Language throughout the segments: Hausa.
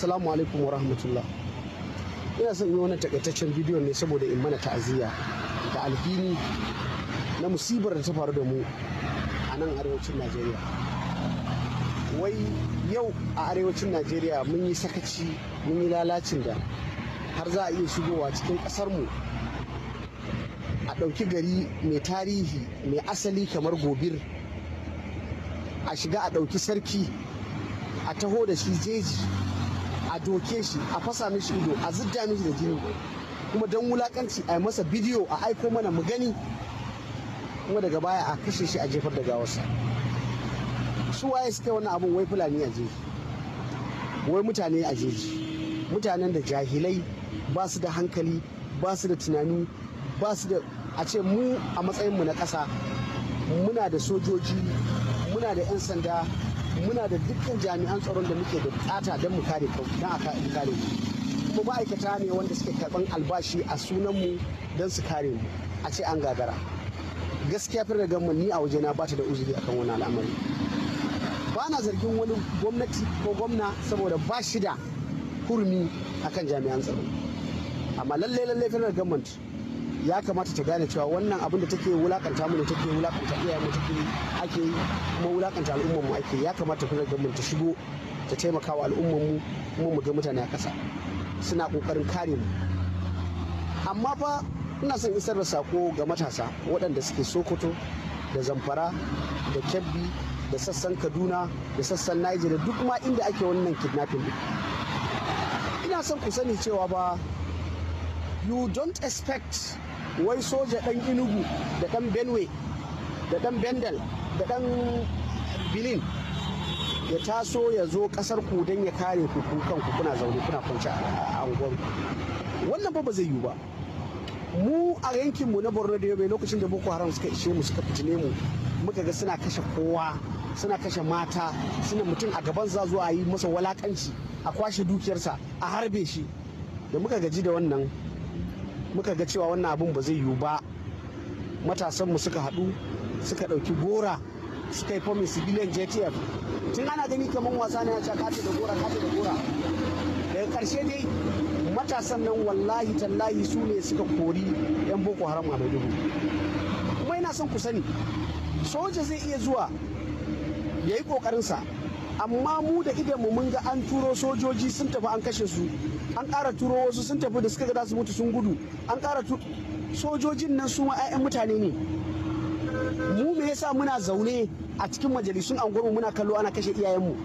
assalamu alaikum wa rahmatullah ina son yi wani takaitaccen bidiyo ne saboda in mana ta'aziyya da alhini na musibar da ta faru da mu a nan arewacin najeriya wai yau a arewacin najeriya mun yi sakaci mun yi lalacin da har za a iya shigowa cikin mu? a ɗauki gari mai tarihi mai asali kamar gobir a shiga a ɗauki sarki a taho da shi jeji a doke shi a fasa mishi ido a zidda mishi da jini kuma don wulakanci a yi masa bidiyo a aiko mana mu gani kuma daga baya a kashe shi a jefar da gawarsa su waye suka wani abin wai fulani a jeji wai mutane a jeji mutanen da jahilai ba su da hankali ba su da tunani ba su da a ce mu a matsayinmu na ƙasa muna da sojoji muna da 'yan sanda muna da dukkan jami'an tsaron da muke da bukata don mu kare kau don aka kare mu kuma ma'aikata ne wanda suke karban albashi a sunan mu don su kare mu a ce an gagara gaskiya fi da ni a waje na bata da uzuri akan wani al'amari ba na zargin wani gwamnati ko gwamna saboda ba shi da hurmi akan jami'an tsaro amma lallai lallai da government ya kamata ta gane cewa wannan abin da take wulakanta mu ne take wulakanta iyayen mu take ake kuma wulakanta al'umman mu ake ya kamata kuma gwamnati ta shigo ta taimaka wa al'ummar mu kuma mu ga mutane a ƙasa suna kokarin kare mu amma fa ina son isar da sako ga matasa waɗanda suke sokoto da zamfara da kebbi da sassan kaduna da sassan niger duk ma inda ake wannan kidnapping ina son ku sani cewa ba you don't expect wai soja dan inugu da dan benue da dan bendel da dan bilin ya taso ya zo kasar ku don ya kare ku kanku kuna zaune kuna kwanci a angon wannan ba ba zai yiwu ba mu a yankinmu na borno da yobe lokacin da boko haram suka ishe mu suka fitine mu muka ga suna kashe kowa suna kashe mata suna mutum a gaban za zuwa yi masa walakanci a kwashe dukiyarsa a harbe shi da muka gaji da wannan muka ga cewa wannan abin ba zai yiwu ba matasanmu suka haɗu suka ɗauki gora suka yi fomin civilian jtf tun ana gani kamar wasa ne a ce kace da gora kace da gora daga ƙarshe dai matasan nan wallahi tallahi su ne suka kori 'yan boko haram a maiduguri kuma ina son ku sani soja zai iya zuwa ya yi ƙoƙarinsa amma mu da idan mu mun ga an turo sojoji sun tafi an kashe su an ƙara turo wasu sun tafi da suka ga za su mutu sun gudu an ƙara sojojin nan su ma 'ya'yan mutane ne mu me yasa muna zaune a cikin majalisun anguwarmu muna kallo ana kashe iyayenmu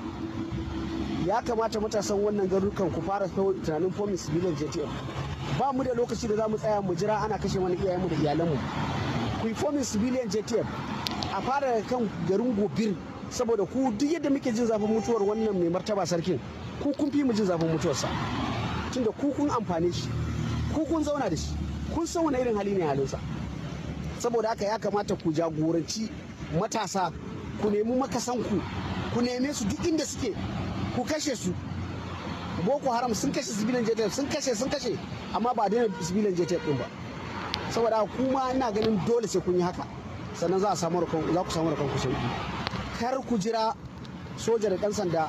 ya kamata matasan wannan garukan ku fara tunanin fomin civilian jtf ba mu da lokaci da za mu tsaya mu jira ana kashe iyayen iyayenmu da iyalanmu ku yi fomin civilian jtf a fara kan garin gobir saboda ku duk yadda muke jin zafin mutuwar wannan mai martaba sarkin ku kun fi mu jin zafin mutuwarsa tunda ku kun amfane shi ku kun zauna da shi kun san wani irin hali ne halinsa saboda haka ya kamata ku jagoranci matasa ku nemi makasanku ku neme su duk inda suke ku kashe su boko haram sun kashe sibilan jtf sun kashe sun kashe amma ba daina sibilan jtf din ba saboda kuma ina ganin dole sai kun yi haka sannan za a samu za ku samu kanku sauki kar ku jira soja da sanda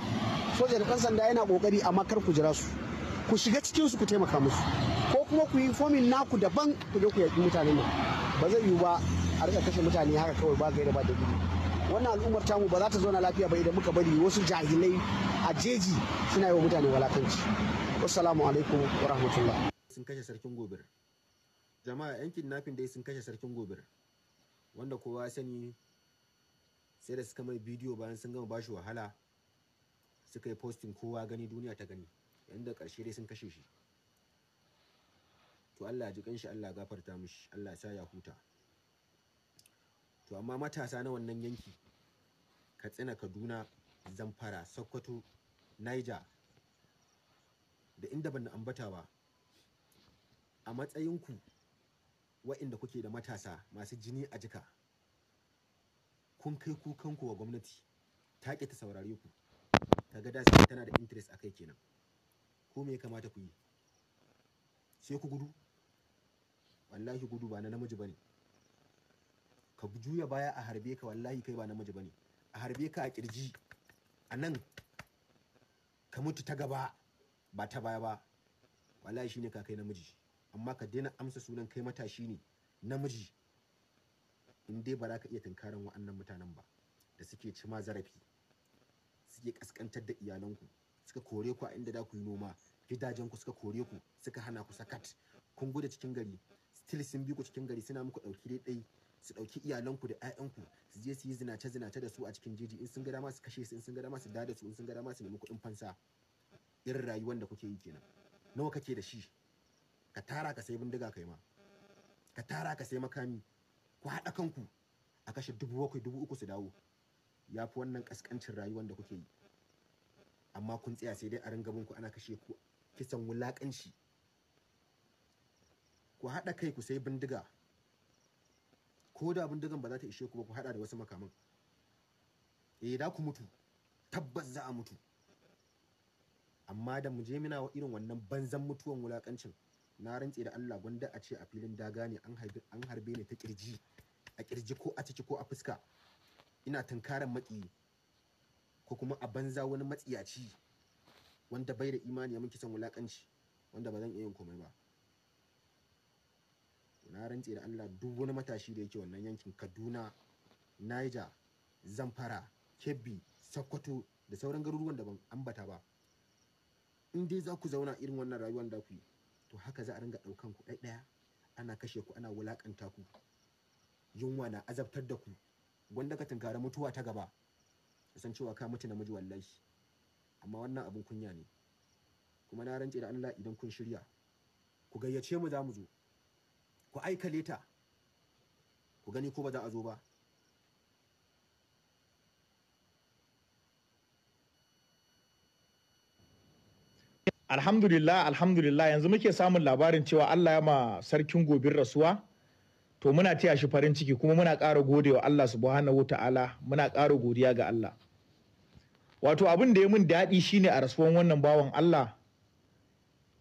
soja da sanda yana ƙoƙari amma kar ku jira su ku shiga cikin su ku taimaka musu ko kuma ku yi fomin naku daban ku je ku yaƙi mutane nan ba zai yiwu ba a rika kashe mutane haka kawai ba gaira ba da wannan al'ummar tamu ba za ta zauna lafiya ba idan muka bari wasu jahilai a jeji suna yi wa mutane walakanci wassalamu alaikum wa rahmatullah sun kashe sarkin gobir jama'a yankin nafin dai sun kashe sarkin gobir wanda kowa sani sai da suka mai bidiyo bayan sun gama bashi wahala suka yi postin kowa gani duniya ta gani yanda karshe dai sun kashe shi to Allah ji kanshi Allah gafarta mishi Allah sa ya huta to amma matasa na wannan yanki Katsina Kaduna Zamfara Sokoto Niger da inda ban ambata ba a matsayinku wa'inda kuke da matasa masu jini a jika kun kai kukanku wa gwamnati ta ƙi ta saurare ku kaga da tana da interest akai kenan ko me ya kamata ku yi sai ku gudu wallahi gudu ba na namiji bane ka juya baya a harbe ka wallahi kai ba namiji bane a harbe ka a kirji a nan ka mutu ta gaba ba ta baya ba wallahi shine ka kai namiji amma ka daina amsa sunan kai matashi ne namiji in dai ba za ka iya tunkarin wa'annan mutanen ba da suke ci ma zarafi suke kaskantar da iyalanku suka kore ku a inda da ku yi noma gidajen ku suka kore ku suka hana ku sakat kun gudu cikin gari still sun bi ku cikin gari suna muku dauki dai dai su dauki iyalanku da ƴaƴanku su je su yi zinace zinace da su a cikin jeji in sun ga dama su kashe su in sun ga dama su dada su in sun ga dama su nemi kuɗin fansa irin rayuwar da kuke yi kenan nawa kake da shi ka tara ka sai bindiga kai ma ka tara ka sai makami ku haɗa kanku a kashe dubu bakwai dubu uku su dawo ya fi wannan ƙasƙancin rayuwar da kuke yi amma kun tsaya sai dai a ringa ku ana kashe ku kisan wulaƙanci ku haɗa kai ku sai bindiga ko da bindigan ba za ta ishe ku ba ku haɗa da wasu makaman eh da ku mutu tabbas za a mutu amma da mu je muna irin wannan banzan mutuwan wulaƙancin na rantse da Allah gwanda a ce a filin daga ne an harbe ni ta kirji a kirji ko a ciki ko a fuska ina tunkaran maki ko kuma a banza wani matsiyaci wanda bai da imani ya miki san wulakanci wanda ba zan iya yin komai ba na rantse da Allah duk wani matashi da yake wannan yankin Kaduna Niger Zamfara Kebbi Sokoto da sauran garuruwan da ban ambata ba in dai za ku zauna irin wannan rayuwar da ku yi to haka za a ringa ɗaukan ku ɗaya ana kashe ku ana wulaƙanta ku yunwa na azabtar da ku gwanda ka mutuwa ta gaba san cewa ka mutu namiji wallahi amma wannan abin kunya ne kuma na rantse da Allah idan kun shirya ku gayyace mu za mu zo ku aika leta ku gani ko ba za a zo ba alhamdulillah alhamdulillah yanzu muke samun labarin cewa allah ya ma sarkin gobin rasuwa to muna taya shi farin ciki kuma muna ƙara gode wa allah subhanahu ta'ala muna ƙara godiya ga allah wato abin da ya mun daɗi shine a rasuwan wannan bawan allah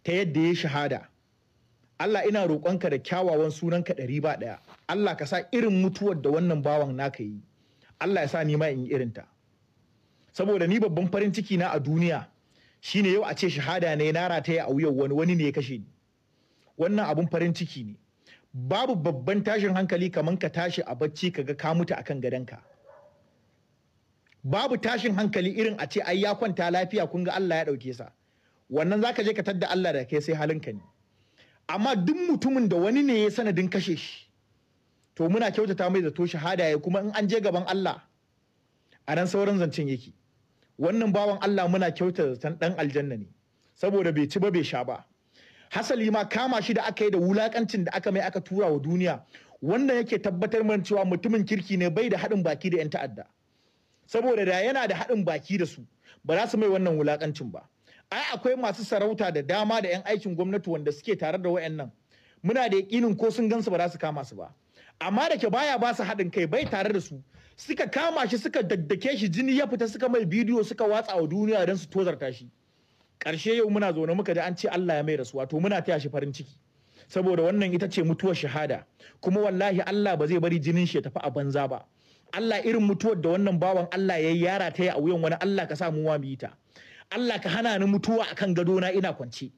ta yadda ya shahada allah ina roƙonka da kyawawan sunan ka ɗari ba ɗaya allah ka sa irin mutuwar da wannan bawan naka yi allah ya sa ni ma in yi irinta saboda ni babban farin ciki na a duniya shine yau a ce shahada ne na rataya a wuyan wani wani ne ya kashe ni wannan abun farin ciki ne babu babban tashin hankali kamar ka tashi a bacci ga ka mutu a akan gadonka babu tashin hankali irin a ce ai ya kwanta lafiya kun ga Allah ya ɗauke sa wannan zaka je ka tadda Allah da kai sai halinka ne amma duk mutumin da wani ne ya sanadin kashe shi to muna kyautata mai da to shahada ya kuma in an je gaban Allah a ran sauran zancen yake wannan bawan Allah muna kyauta zaton ɗan aljanna ne saboda bai ci ba bai sha ba hasali ma kama shi da aka yi da wulakancin da aka mai aka tura wa duniya wannan yake tabbatar mana cewa mutumin kirki ne bai da haɗin baki da 'yan ta'adda saboda da yana da haɗin baki da su ba za su mai wannan wulakancin ba ai akwai masu sarauta da dama da 'yan aikin gwamnati wanda suke tare da wayannan muna da yakinin ko sun gansu ba za su kama su ba amma da ke baya ba su haɗin kai bai tare da su suka kama shi suka daddake shi jini ya fita suka mai bidiyo suka watsa wa duniya don su tozarta shi ƙarshe yau muna zaune muka ji an ce Allah ya mai rasuwa to muna taya shi farin ciki saboda wannan ita ce mutuwar shahada kuma wallahi Allah ba zai bari jinin shi ya tafi a banza ba Allah irin mutuwar da wannan bawan Allah ya yara ta a wuyan wani Allah ka sa mu mu yi ta Allah ka hana ni mutuwa akan gado na ina kwance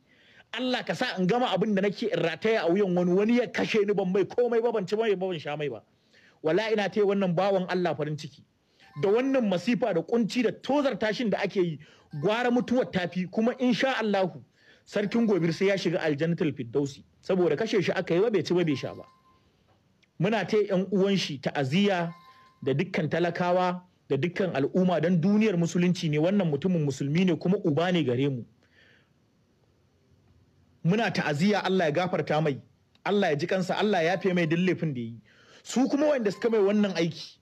Allah ka sa in gama abin da nake in rataya a wuyan wani wani ya kashe ni ban mai komai ba ban ci mai ba ban sha mai ba wala ina ta wannan bawan Allah farin ciki da wannan masifa da kunci da tozar tashin da ake yi gwara mutuwar tafi kuma insha Allahu sarkin gobir sai ya shiga aljannatul firdausi saboda kashe shi aka yi ba bai ci ba bai sha ba muna ta yan uwan shi ta'aziyya da dukkan talakawa da dukkan al'umma dan duniyar musulunci ne wannan mutumin musulmi ne kuma uba ne gare mu muna ta'aziyya Allah ya gafarta mai Allah ya ji kansa Allah ya fe mai duk laifin da yi su kuma wanda suka mai wannan aiki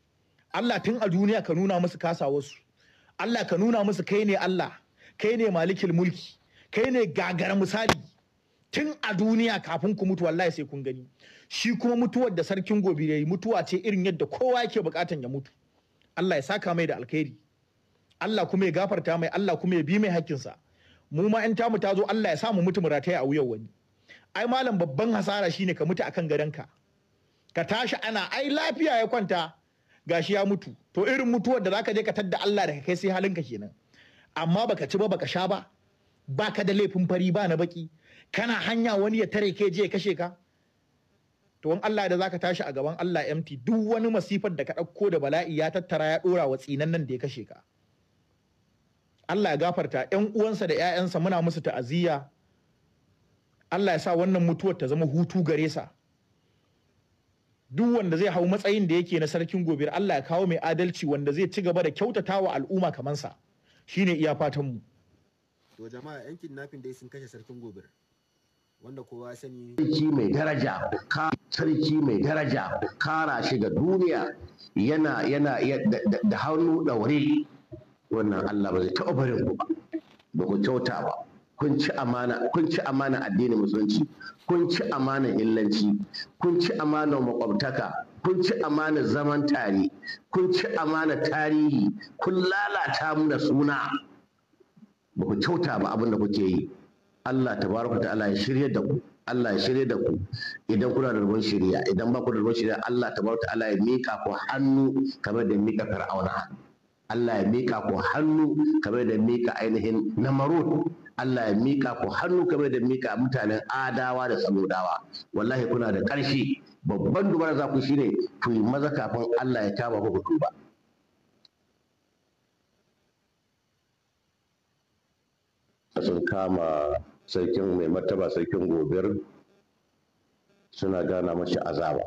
Allah tun a duniya ka nuna musu kasa wasu Allah ka nuna musu kai ne Allah kai ne malikil mulki kai ne gagara misali tun a duniya kafin ku mutu wallahi sai kun gani shi kuma mutuwar da sarkin gobe yayi mutuwa ce irin yadda kowa yake bukatan ya mutu Allah ya saka mai da alkhairi Allah kuma ya gafarta mai Allah kuma ya bi mai hakkinsa mu ma in tamu ta zo Allah ya sa mu mutu mu a wuyan wani ai malam babban hasara shine ka mutu akan ka. ka tashi ana ai lafiya ya kwanta gashi ya mutu to irin mutuwar da zaka je ka tadda Allah da kai sai halinka kenan amma baka ci ba baka sha ba baka da laifin fari ba na baki kana hanya wani ya tare ke je ya kashe ka to in Allah da zaka tashi a gaban Allah empty duk wani masifar da ka ɗauko da bala'i ya tattara ya dora wa tsinan nan da ya kashe ka Allah ya gafarta ƴan uwansa da ƴaƴansa muna musu ta'aziyya Allah ya sa wannan mutuwar ta zama hutu gare sa duk wanda zai hau matsayin da yake na sarkin gobe Allah ya kawo mai adalci wanda zai ci gaba da kyautata wa al'umma kamar sa shine iya fatan mu to jama'a yan kidnapping dai sun kashe sarkin gobe wanda kowa sani sarki mai daraja ka sarki mai daraja kara shi ga duniya yana yana da hannu daure wannan Allah ba zai taɓa barin ku ba ba ku kyauta ba kun ci amana kun ci amana addinin musulunci kun ci amana illanci kun ci amana makwabtaka kun ci amana zaman tare kun ci amana tarihi kun lalata da suna ba ku kyauta ba abin da kuke yi Allah tabaraka ta'ala ya shirye da ku Allah ya shirye da ku idan kuna da ruwan shirya idan ba ku da ruwan shirya Allah tabaraka ta'ala ya mika ku hannu kamar da mika fir'auna Allah ya mika ku hannu kamar da mika ainihin namarut Allah ya mika ku hannu kamar da mika mutanen adawa da samudawa wallahi kuna da ƙarfi babban dubara za ku shine ku yi maza kafin Allah ya kama ku a sun kama sarkin mai martaba sarkin gobir suna gana mashi azaba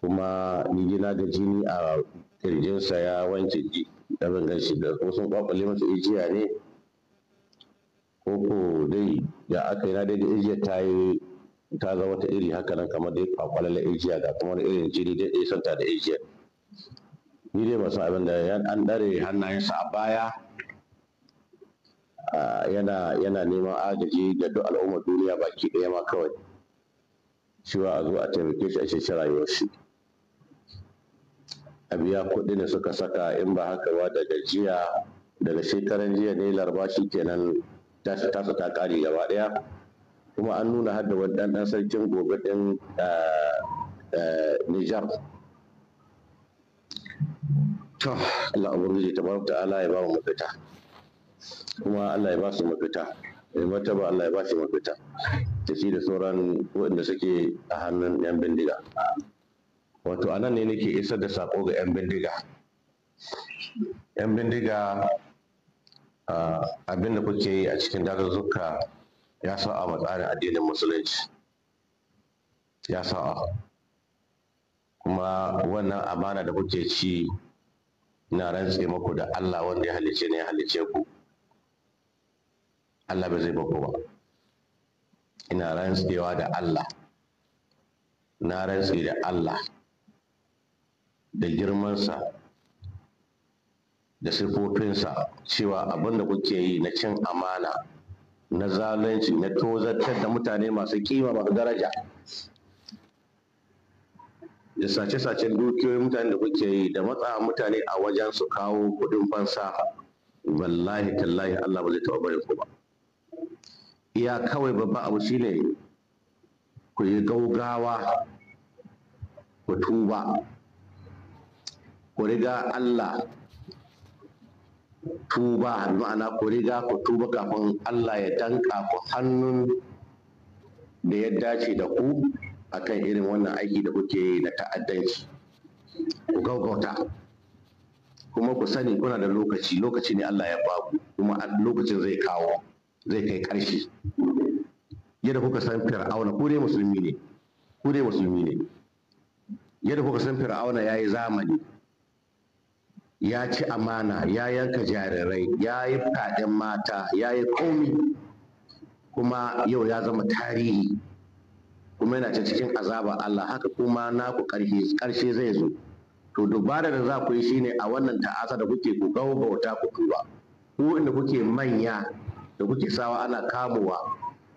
kuma ni gina gajini a kirjinsa ya wanke ji abin gan shi da kuma sun kwakwale masa ijiya ne ko ko dai ya aka yi na dai da igiyar ta yi ta zama ta iri haka nan kamar dai kwakwalala ijiya ga kuma irin jini dai ya santa da ijiya ni dai ba san abin da ya an dare hannayensa a baya yana yana neman agaji da duk al'ummar duniya baki ɗaya ma kawai cewa a zo a taimake shi a shi rayuwar shi a biya kuɗi da suka saka in ba haka ba daga jiya daga shekaran jiya ne laraba shi kenan tashi tasa ta ƙari gaba ɗaya kuma an nuna har da wani ɗan sarkin gobe ɗin eh, eh, Nijar. To, Allah Ubangiji ta barata Allah ya ba mu mafita. Kuma Allah ya ba su mafita. Mai mata ba Allah ya ba su mafita. Ta shi da sauran waɗanda suke a hannun 'yan bindiga. wato anan ne nake isar da sako ga 'yan bindiga yan bindiga abin kuke yi a cikin dazuzzuka ya sa'a a tsarin addinin musulunci ya sa'a kuma wannan amana da kuke ci na rantse muku da allah wanda ya halice ne ya halice ku allah bai zai baku ba ina rantsewa da allah na rantse da allah da girmansa da sifofinsa cewa abinda da kuke yi na cin amana na zalunci na tozartar da mutane masu kima masu daraja da sace-sacen dukiyoyin mutane da kuke yi da matsa mutane a wajen su kawo kuɗin fansa wallahi tallahi Allah ba zai taɓa bari ku ba iya kawai babban abu shine ku yi gaugawa ku tuba ku riga Allah tuba ma'ana ku riga ku tuba kafin Allah ya danka ku hannun da ya dace da ku akan irin wannan aiki da kuke yi na ta'addanci ku gaugauta kuma ku sani kuna da lokaci lokaci ne Allah ya baku kuma lokacin zai kawo zai kai ƙarshe yadda kuka san fir'auna ku dai musulmi ne ku dai musulmi ne yadda kuka san fir'auna yayi zamani ya ci amana ya yanka jarirai ya yi fadin mata ya yi komi kuma yau ya zama tarihi kuma yana ta cikin azaba Allah haka kuma naku karshe zai zo to dubara da za ku yi shine a wannan ta'asa da kuke ku gawo bauta ku duba ku inda kuke manya da kuke sawa ana kamowa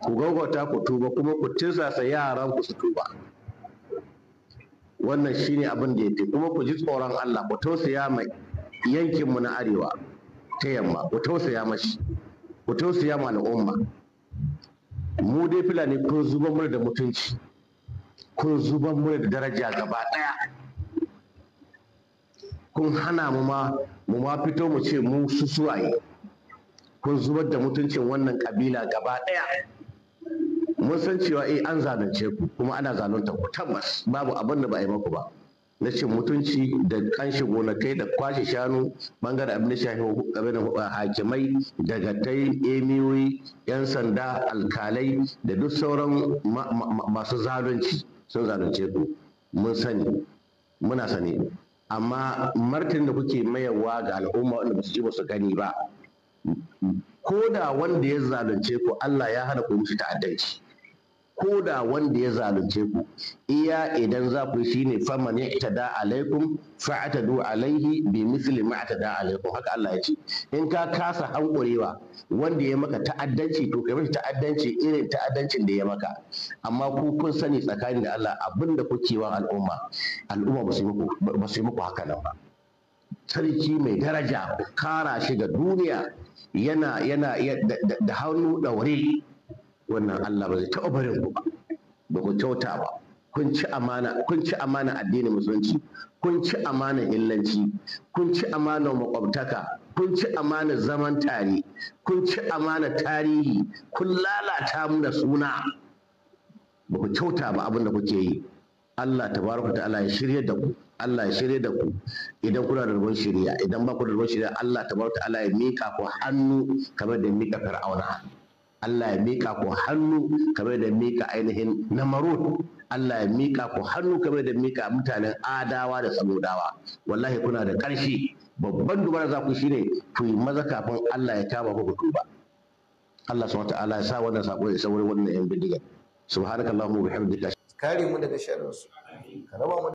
ku gaugauta ku tuba kuma ku tirsasa yaran ku su tuba wannan shine abin da fi kuma ku ji tsoron Allah ku tausaya mai yankinmu na arewa ta yamma ku tausaya mashi ku tausaya ma al'umma mu dai fulani kun zuban mu da mutunci kun zuban mu da daraja gaba ɗaya kun hana mu ma mu ma fito mu ce mu su suwaye kun zubar da mutuncin wannan kabila gaba ɗaya mun san cewa eh an zalunce ku kuma ana zalunta ku tabbas babu abin da ba a yi maku ba na cin mutunci da kanshi gonakai da kwashe shanu bangaren abin da shafi hakimai da gatai emiyoyi yan sanda alkalai da duk sauran masu zalunci sun zalunce ku mun sani muna sani amma martin da kuke mayarwa ga al'umma wanda ba su ji ba su gani ba ko da wanda ya zalunce ku Allah ya hana ku musu ta'addanci ko da wanda ya zalunce ku iya idan za ku shi ne faman da alaikum fa'atadu alaihi bi misli ma da alaikum haka Allah ya ce in ka kasa hankurewa wanda ya maka ta'addanci to kai mashi ta'addanci irin ta'addancin da ya maka amma ku kun sani tsakanin da Allah abinda kuke wa al'umma al'umma ba su muku ba muku haka nan ba sarki mai daraja kara shi ga duniya yana yana da hannu daure wannan Allah ba zai taɓa barin ku ba ba ku kyauta ba kun ci amana kun ci amana addinin musulunci kun ci amana illanci kun ci amana makwabtaka kun ci amana zaman tare kun ci amana tarihi kun lalata da suna ba ku kyauta ba abin da kuke yi Allah tabaraka ta'ala ya shirye da ku Allah ya shirye da ku idan kuna da rubun shirya idan ba ku da rubun shirya Allah tabaraka ta'ala ya mika ku hannu kamar da mika fir'auna Allah ya miƙa ku hannu kamar da miƙa ainihin namarut Allah ya miƙa ku hannu kamar da miƙa mutanen adawa da samudawa wallahi kuna da ƙarshi babban dubara za ku shine ku yi maza kafin Allah ya kama ku duba Allah subhanahu ta'ala ya sa wannan sako ya sauri wannan yan bidiga subhanakallahumma wa bihamdika kare mu daga sharrin su ka raba mu